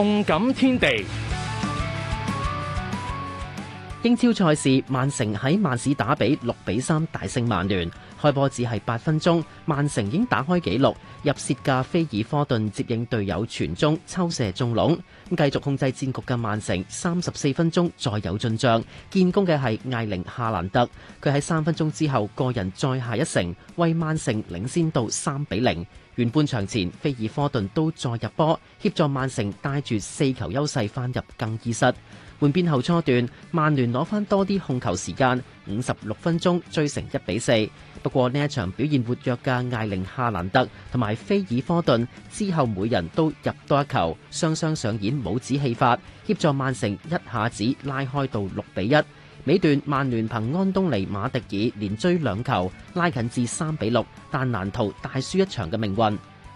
動感天地。英超賽事，曼城喺曼市打吡六比三大勝曼聯。開波只係八分鐘，曼城已經打開紀錄。入楔架菲爾科頓接應隊友傳中，抽射中籠。咁繼續控制戰局嘅曼城，三十四分鐘再有進賬。建功嘅係艾靈夏蘭德，佢喺三分鐘之後個人再下一城，為曼城領先到三比零。完半場前，菲爾科頓都再入波，協助曼城帶住四球優勢翻入更衣室。換邊後初段，曼聯攞翻多啲控球時間，五十六分鐘追成一比四。不過呢一場表現活躍嘅艾靈、夏蘭德同埋菲爾科頓之後，每人都入多一球，雙雙上演帽子戲法，協助曼城一下子拉開到六比一。尾段，曼聯憑安東尼馬迪爾連追兩球，拉近至三比六，但難逃大輸一場嘅命運。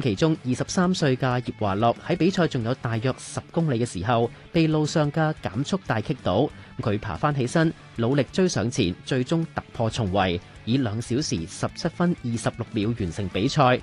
其中二十三歲嘅葉華樂喺比賽仲有大約十公里嘅時候，被路上嘅減速帶棘倒。佢爬翻起身，努力追上前，最終突破重圍，以兩小時十七分二十六秒完成比賽。